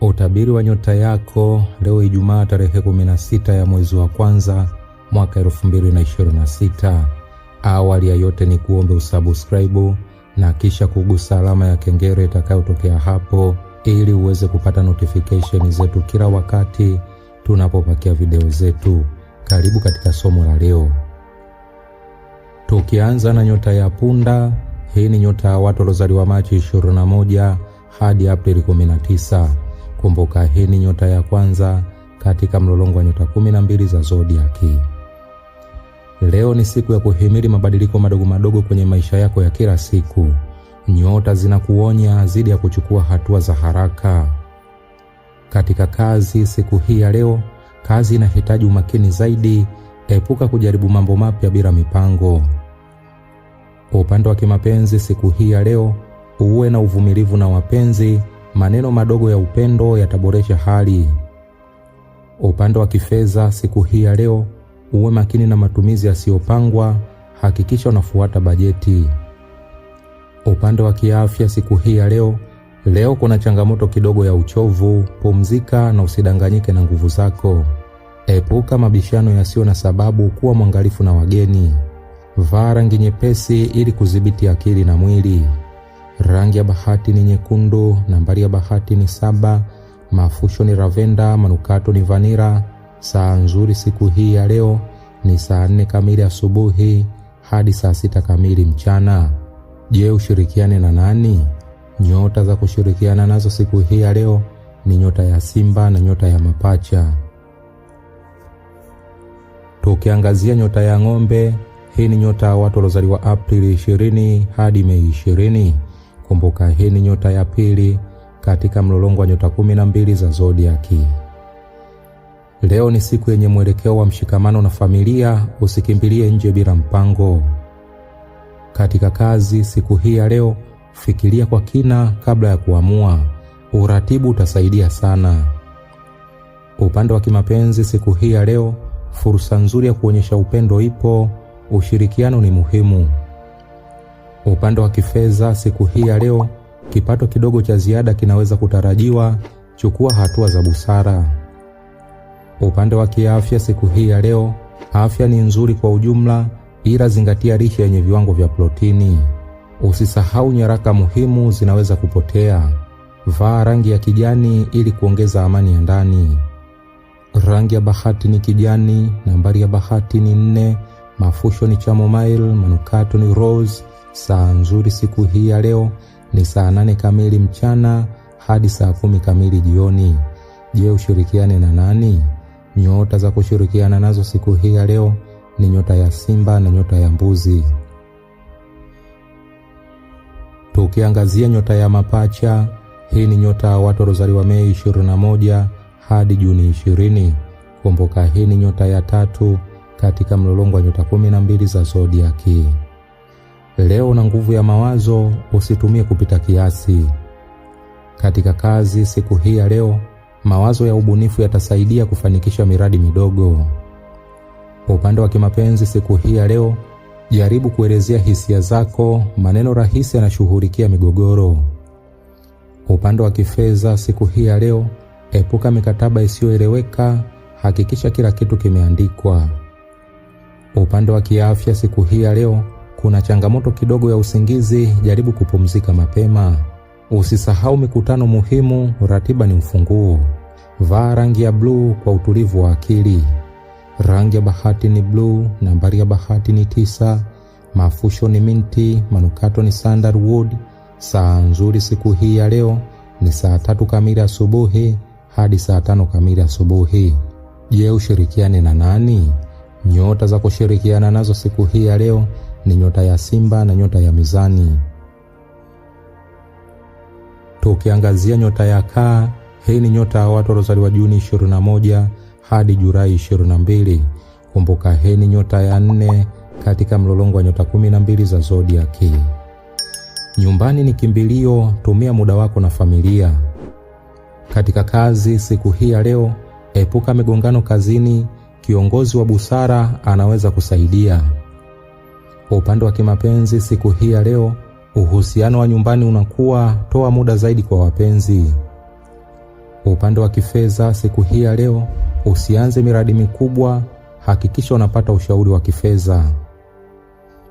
Utabiri wa nyota yako leo Ijumaa tarehe 16 ya mwezi wa kwanza mwaka 2026. Awali ya yote ni kuombe usubscribe na kisha kugusa alama ya kengele itakayotokea hapo ili uweze kupata notification zetu kila wakati tunapopakia video zetu. Karibu katika somo la leo. Tukianza na nyota ya punda, hii ni nyota ya watu waliozaliwa Machi 21 hadi Aprili 19. Kumbuka, hii ni nyota ya kwanza katika mlolongo wa nyota kumi na mbili za zodiaki. Leo ni siku ya kuhimili mabadiliko madogo madogo kwenye maisha yako ya kila siku. Nyota zinakuonya dhidi ya kuchukua hatua za haraka. Katika kazi, siku hii ya leo, kazi inahitaji umakini zaidi. Epuka kujaribu mambo mapya bila mipango. Upande wa kimapenzi, siku hii ya leo, uwe na uvumilivu na wapenzi Maneno madogo ya upendo yataboresha hali. Upande wa kifedha siku hii ya leo, uwe makini na matumizi yasiyopangwa, hakikisha unafuata bajeti. Upande wa kiafya siku hii ya leo, leo kuna changamoto kidogo ya uchovu, pumzika na usidanganyike na nguvu zako. Epuka mabishano yasiyo na sababu, kuwa mwangalifu na wageni. Vaa rangi nyepesi ili kudhibiti akili na mwili. Rangi ya bahati ni nyekundu, nambari ya bahati ni saba, mafusho ni ravenda, manukato ni vanira. Saa nzuri siku hii ya leo ni saa nne kamili asubuhi hadi saa sita kamili mchana. Je, ushirikiane na nani? Nyota za kushirikiana nazo siku hii ya leo ni nyota ya Simba na nyota ya Mapacha. Tukiangazia nyota ya Ng'ombe, hii ni nyota ya watu waliozaliwa Aprili 20 hadi Mei 20. Kumbuka hii ni nyota ya pili katika mlolongo wa nyota kumi na mbili za zodiaki. Leo ni siku yenye mwelekeo wa mshikamano na familia. Usikimbilie nje bila mpango. Katika kazi siku hii ya leo, fikiria kwa kina kabla ya kuamua. Uratibu utasaidia sana. Upande wa kimapenzi siku hii ya leo, fursa nzuri ya kuonyesha upendo ipo. Ushirikiano ni muhimu. Kwa upande wa kifedha, siku hii ya leo, kipato kidogo cha ziada kinaweza kutarajiwa. Chukua hatua za busara. Upande wa kiafya, siku hii ya leo, afya ni nzuri kwa ujumla, ila zingatia lishe yenye viwango vya protini. Usisahau nyaraka muhimu zinaweza kupotea. Vaa rangi ya kijani ili kuongeza amani ya ndani. Rangi ya bahati ni kijani. Nambari ya bahati ni nne. Mafusho ni chamomile, manukato ni rose. Saa nzuri siku hii ya leo ni saa nane kamili mchana hadi saa kumi kamili jioni. Je, ushirikiane na nani? Nyota za kushirikiana nazo siku hii ya leo ni nyota ya Simba na nyota ya Mbuzi. Tukiangazia nyota ya mapacha, hii ni nyota ya watu waliozaliwa Mei 21 hadi Juni 20. Kumbuka, hii ni nyota ya tatu katika mlolongo wa nyota 12 za zodiaki. Leo na nguvu ya mawazo usitumie kupita kiasi. Katika kazi siku hii ya leo, mawazo ya ubunifu yatasaidia kufanikisha miradi midogo. Upande wa kimapenzi siku hii ya leo, jaribu kuelezea hisia zako, maneno rahisi yanashughulikia migogoro. Upande wa kifedha siku hii ya leo, epuka mikataba isiyoeleweka, hakikisha kila kitu kimeandikwa. Upande wa kiafya siku hii ya leo kuna changamoto kidogo ya usingizi, jaribu kupumzika mapema. Usisahau mikutano muhimu, ratiba ni ufunguo. Vaa rangi ya bluu kwa utulivu wa akili. Rangi ya bahati ni bluu, nambari ya bahati ni tisa, mafusho ni minti, manukato ni sandalwood. Saa nzuri siku hii ya leo ni saa tatu kamili asubuhi hadi saa tano kamili asubuhi. Je, ushirikiane na nani? Nyota za kushirikiana nazo siku hii ya leo ni nyota ya Simba na nyota ya Mizani. Tukiangazia nyota ya Kaa, hii ni nyota ya watu waliozaliwa Juni 21 hadi Julai 22. Kumbuka, hii ni nyota ya nne katika mlolongo wa nyota 12 za zodiaki. Nyumbani ni kimbilio, tumia muda wako na familia. Katika kazi siku hii ya leo, epuka migongano kazini. Kiongozi wa busara anaweza kusaidia. Kwa upande wa kimapenzi, siku hii ya leo, uhusiano wa nyumbani unakuwa toa muda zaidi kwa wapenzi. Kwa upande wa kifedha, siku hii ya leo, usianze miradi mikubwa, hakikisha unapata ushauri wa kifedha.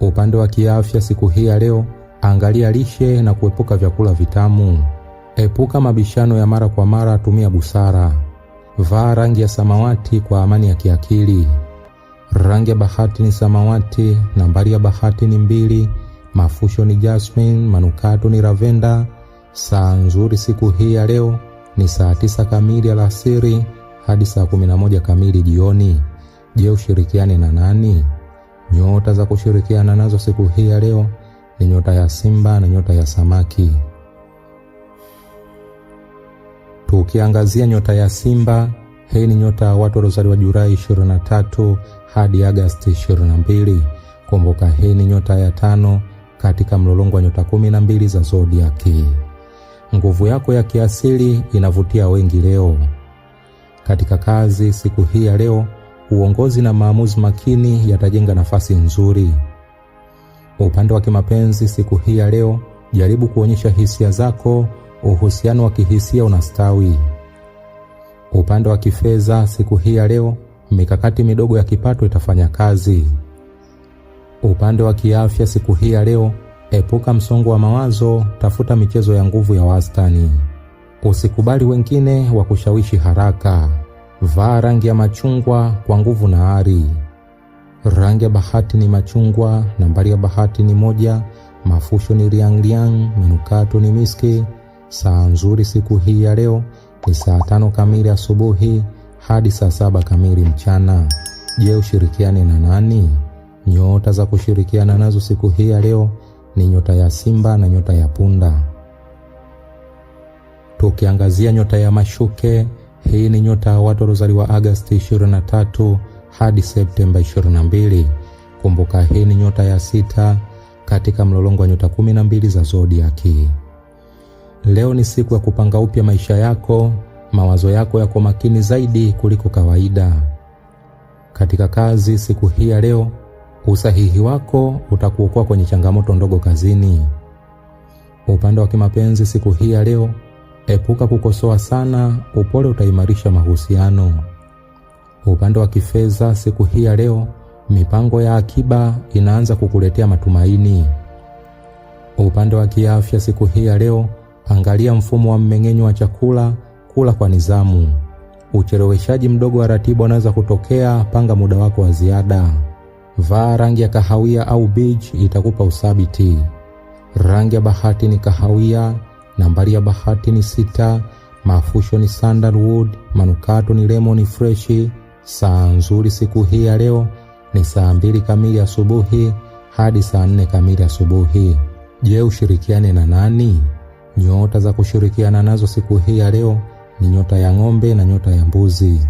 Upande wa kiafya, siku hii ya leo, angalia lishe na kuepuka vyakula vitamu. Epuka mabishano ya mara kwa mara, tumia busara. Vaa rangi ya samawati kwa amani ya kiakili. Rangi ya bahati ni samawati, nambari ya bahati ni mbili, mafusho ni jasmine, manukato ni lavenda. Saa nzuri siku hii ya leo ni saa tisa kamili alasiri hadi saa kumi na moja kamili jioni. Je, ushirikiane na nani? Nyota za kushirikiana nazo siku hii ya leo ni nyota ya Simba na nyota ya Samaki. Tukiangazia nyota ya Simba hii ni nyota ya watu waliozaliwa Julai 23 hadi Agasti 22. Kumbuka, hii ni nyota ya tano katika mlolongo wa nyota 12 za zodiaki. Nguvu yako ya kiasili inavutia wengi leo. Katika kazi siku hii ya leo, uongozi na maamuzi makini yatajenga nafasi nzuri. Upande wa kimapenzi siku hii ya leo, jaribu kuonyesha hisia zako. Uhusiano wa kihisia unastawi. Upande wa kifedha siku hii ya leo, mikakati midogo ya kipato itafanya kazi. Upande wa kiafya siku hii ya leo, epuka msongo wa mawazo, tafuta michezo ya nguvu ya wastani. Usikubali wengine wa kushawishi haraka. Vaa rangi ya machungwa kwa nguvu na ari. Rangi ya bahati ni machungwa, nambari ya bahati ni moja, mafusho ni riang riang, manukato ni miski. Saa nzuri siku hii ya leo ni saa tano kamili asubuhi hadi saa saba kamili mchana. Je, ushirikiane na nani? Nyota za kushirikiana nazo siku hii ya leo ni nyota ya Simba na nyota ya Punda. Tukiangazia nyota ya Mashuke, hii ni nyota ya watu waliozaliwa Agasti 23 hadi Septemba 22. Kumbuka, hii ni nyota ya sita katika mlolongo wa nyota 12 za zodiaki. Leo ni siku ya kupanga upya maisha yako. Mawazo yako yako makini zaidi kuliko kawaida. Katika kazi siku hii ya leo, usahihi wako utakuokoa kwenye changamoto ndogo kazini. Upande wa kimapenzi siku hii ya leo, epuka kukosoa sana, upole utaimarisha mahusiano. Upande wa kifedha siku hii ya leo, mipango ya akiba inaanza kukuletea matumaini. Upande wa kiafya siku hii ya leo Angalia mfumo wa mmeng'enyo wa chakula, kula kwa nizamu. Ucheleweshaji mdogo wa ratiba unaweza kutokea, panga muda wako wa ziada. Vaa rangi ya kahawia au beige itakupa uthabiti. Rangi ya bahati ni kahawia, nambari ya bahati ni sita, mafusho ni sandalwood, manukato ni lemon fresh. Saa nzuri siku hii ya leo ni saa mbili kamili asubuhi hadi saa nne kamili asubuhi. Je, ushirikiane na nani? Nyota za kushirikiana nazo siku hii ya leo ni nyota ya ng'ombe na nyota ya mbuzi.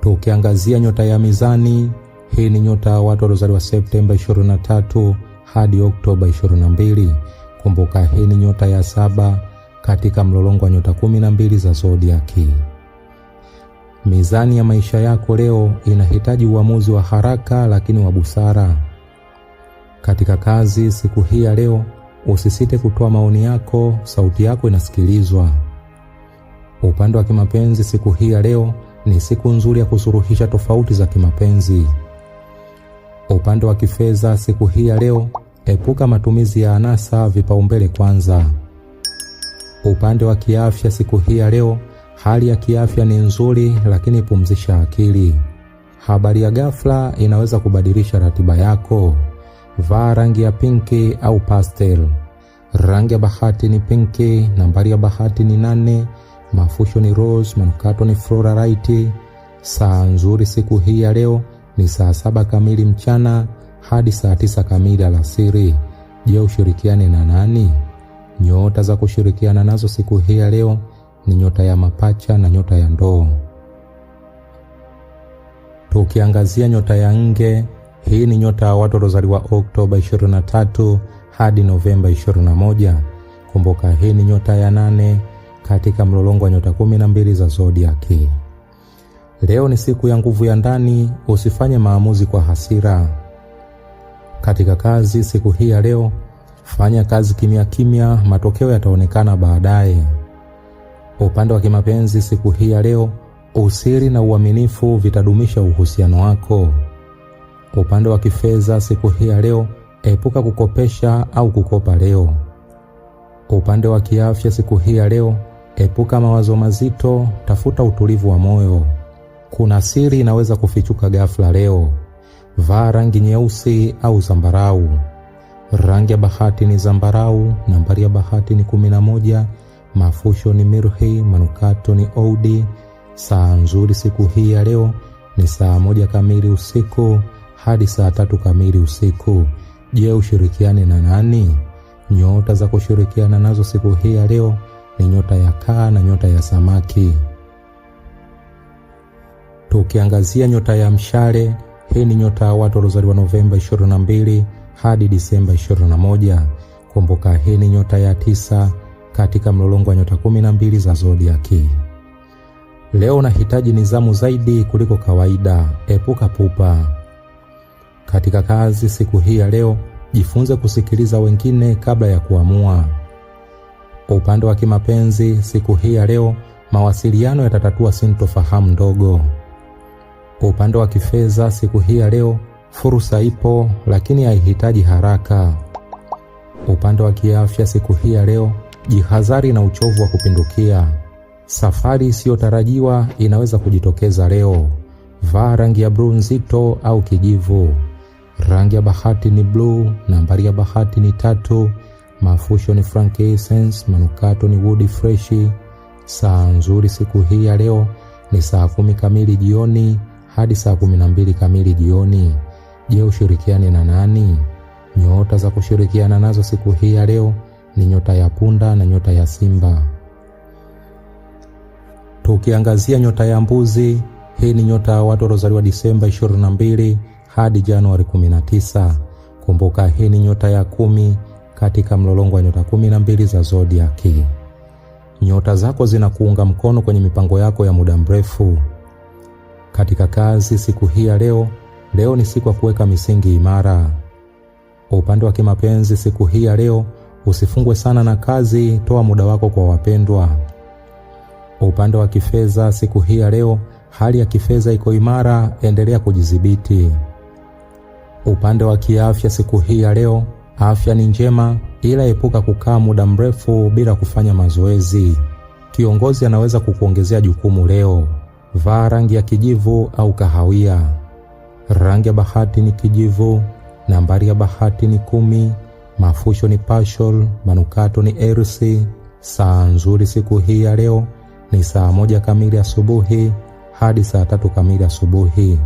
Tukiangazia nyota ya mizani, hii ni nyota ya watu waliozaliwa Septemba 23 hadi Oktoba 22. Kumbuka hii ni nyota ya saba katika mlolongo wa nyota 12 za zodiaki. Mizani ya maisha yako leo inahitaji uamuzi wa haraka lakini wa busara. Katika kazi siku hii ya leo Usisite kutoa maoni yako, sauti yako inasikilizwa. Upande wa kimapenzi, siku hii ya leo ni siku nzuri ya kusuruhisha tofauti za kimapenzi. Upande wa kifedha, siku hii ya leo, epuka matumizi ya anasa, vipaumbele kwanza. Upande wa kiafya, siku hii ya leo, hali ya kiafya ni nzuri, lakini pumzisha akili. Habari ya ghafla inaweza kubadilisha ratiba yako. Vaa rangi ya pinki au pastel. Rangi ya bahati ni pinki, nambari ya bahati ni nane, mafusho ni rose, manukato ni right. Saa nzuri siku hii ya leo ni saa saba kamili mchana hadi saa tisa kamili alasiri. Je, ushirikiane na nani? Nyota za kushirikiana nazo siku hii ya leo ni nyota ya mapacha na nyota ya ndoo. Tukiangazia nyota ya nge hii ni nyota ya watu waliozaliwa Oktoba 23 hadi Novemba 21. Kumbuka, hii ni nyota ya nane katika mlolongo wa nyota 12 za zodiaki. Leo ni siku ya nguvu ya ndani, usifanye maamuzi kwa hasira. Katika kazi siku hii ya leo, fanya kazi kimya kimya, matokeo yataonekana baadaye. Upande wa kimapenzi siku hii ya leo, usiri na uaminifu vitadumisha uhusiano wako. Kwa upande wa kifedha siku hii ya leo, epuka kukopesha au kukopa leo. Kwa upande wa kiafya siku hii ya leo, epuka mawazo mazito, tafuta utulivu wa moyo. Kuna siri inaweza kufichuka ghafla leo. Vaa rangi nyeusi au zambarau. Rangi ya bahati ni zambarau, nambari ya bahati ni kumi na moja, mafusho ni mirhi, manukato ni oudi. Saa nzuri siku hii ya leo ni saa moja kamili usiku hadi saa tatu kamili usiku. Je, ushirikiane na nani? Nyota za kushirikiana nazo siku hii ya leo ni nyota ya kaa na nyota ya samaki. Tukiangazia nyota ya mshale, hii ni nyota ya watu waliozaliwa Novemba 22 hadi Disemba 21. Kumbuka, hii ni nyota ya tisa katika mlolongo wa nyota 12 za zodiaki. Leo unahitaji nidhamu zaidi kuliko kawaida. Epuka pupa. Katika kazi siku hii ya leo, jifunze kusikiliza wengine kabla ya kuamua. Kwa upande wa kimapenzi siku hii ya leo, mawasiliano yatatatua sintofahamu ndogo. Kwa upande wa kifedha siku hii ya leo, fursa ipo lakini haihitaji haraka. Upande wa kiafya siku hii ya leo, jihadhari na uchovu wa kupindukia. Safari isiyotarajiwa inaweza kujitokeza leo. Vaa rangi ya bluu nzito au kijivu. Rangi ya bahati ni bluu. Nambari ya bahati ni tatu. Mafusho ni frankincense, manukato ni wood fresh. Saa nzuri siku hii ya leo ni saa kumi kamili jioni hadi saa kumi na mbili kamili jioni. Je, ushirikiane na nani? Nyota za kushirikiana nazo siku hii ya leo ni nyota ya punda na nyota ya simba. Tukiangazia nyota ya mbuzi, hii ni nyota ya watu waliozaliwa Disemba 22 hadi Januari 19. Kumbuka, hii ni nyota ya kumi katika mlolongo wa nyota kumi na mbili za zodiaki. Nyota zako zinakuunga mkono kwenye mipango yako ya muda mrefu. Katika kazi siku hii ya leo, leo ni siku ya kuweka misingi imara. Upande wa kimapenzi siku hii ya leo, usifungwe sana na kazi, toa muda wako kwa wapendwa. Upande wa kifedha siku hii ya leo, hali ya kifedha iko imara, endelea kujidhibiti. Upande wa kiafya siku hii ya leo, afya ni njema, ila epuka kukaa muda mrefu bila kufanya mazoezi. Kiongozi anaweza kukuongezea jukumu leo. Vaa rangi ya kijivu au kahawia. Rangi ya bahati ni kijivu. Nambari ya bahati ni kumi. Mafusho ni pashol. Manukato ni RC. Saa nzuri siku hii ya leo ni saa moja kamili asubuhi hadi saa tatu kamili asubuhi.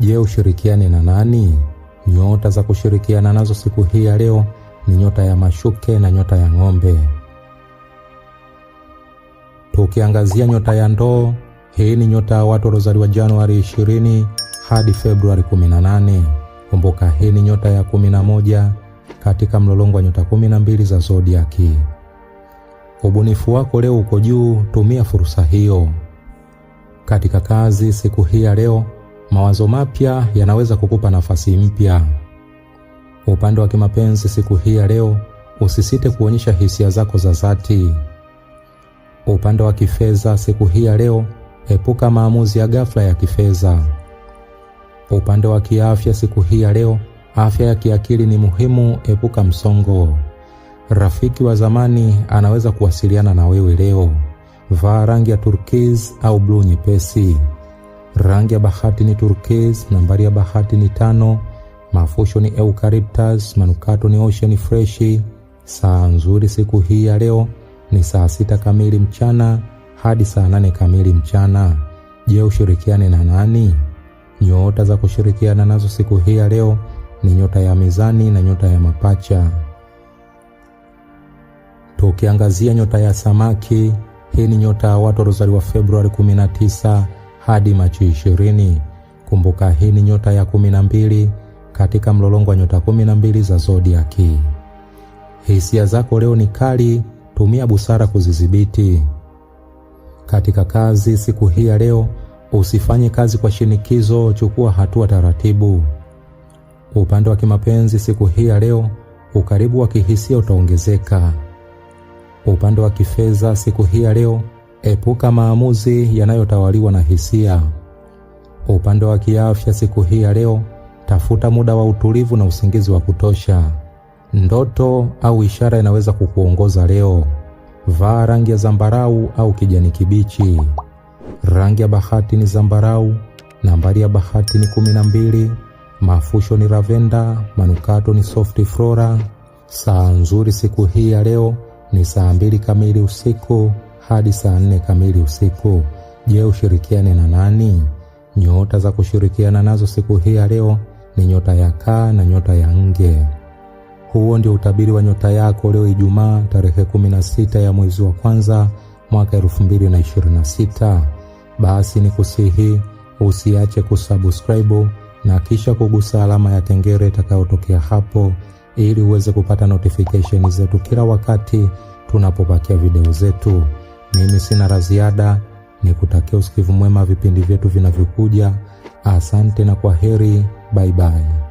Je, ushirikiane na nani? Nyota za kushirikiana nazo siku hii ya leo ni nyota ya mashuke na nyota ya ng'ombe. Tukiangazia nyota ya ndoo, hii ni nyota ya watu waliozaliwa Januari 20 hadi Februari 18. Kumbuka hii ni nyota ya 11 katika mlolongo wa nyota 12 za zodiaki. Ubunifu wako leo uko juu, tumia fursa hiyo. Katika kazi siku hii ya leo mawazo mapya yanaweza kukupa nafasi mpya. Upande wa kimapenzi siku hii ya leo, usisite kuonyesha hisia zako za dhati. Upande wa kifedha siku hii ya leo, epuka maamuzi ya ghafla ya kifedha. Upande wa kiafya siku hii ya leo, afya ya kiakili ni muhimu, epuka msongo. Rafiki wa zamani anaweza kuwasiliana na wewe leo. Vaa rangi ya turkiz au bluu nyepesi. Rangi ya bahati ni turquoise, nambari ya bahati ni tano, mafusho ni eucalyptus, manukato ni ocean fresh. Saa nzuri siku hii ya leo ni saa sita kamili mchana hadi saa nane kamili mchana. Je, ushirikiane na nani? Nyota za kushirikiana nazo siku hii ya leo ni nyota ya mizani na nyota ya mapacha. Tukiangazia nyota ya samaki, hii ni nyota ya watu waliozaliwa Februari 19 hadi Machi ishirini. Kumbuka hii ni nyota ya kumi na mbili katika mlolongo wa nyota kumi na mbili za zodiaki. Hisia zako leo ni kali, tumia busara kuzidhibiti. Katika kazi siku hii ya leo, usifanye kazi kwa shinikizo, chukua hatua taratibu. Upande wa kimapenzi siku hii ya leo, ukaribu wa kihisia utaongezeka. Upande wa kifedha siku hii ya leo Epuka maamuzi yanayotawaliwa na hisia. Upande wa kiafya siku hii ya leo, tafuta muda wa utulivu na usingizi wa kutosha. Ndoto au ishara inaweza kukuongoza leo. Vaa rangi ya zambarau au kijani kibichi. Rangi ya bahati ni zambarau. Nambari ya bahati ni kumi na mbili. Mafusho ni lavenda. Manukato ni soft flora. Saa nzuri siku hii ya leo ni saa mbili kamili usiku hadi saa nne kamili usiku. Je, ushirikiane na nani? Nyota za kushirikiana nazo siku hii ya leo ni nyota ya kaa na nyota ya nge. Huo ndio utabiri wa nyota yako leo Ijumaa tarehe 16 ya mwezi wa kwanza mwaka 2026. Basi ni kusihi usiache kusubscribe na kisha kugusa alama ya kengele itakayotokea hapo ili uweze kupata notification zetu kila wakati tunapopakia video zetu. Mimi sina la ziada, ni kutakia usikivu mwema vipindi vyetu vinavyokuja. Asante na kwa heri, bye.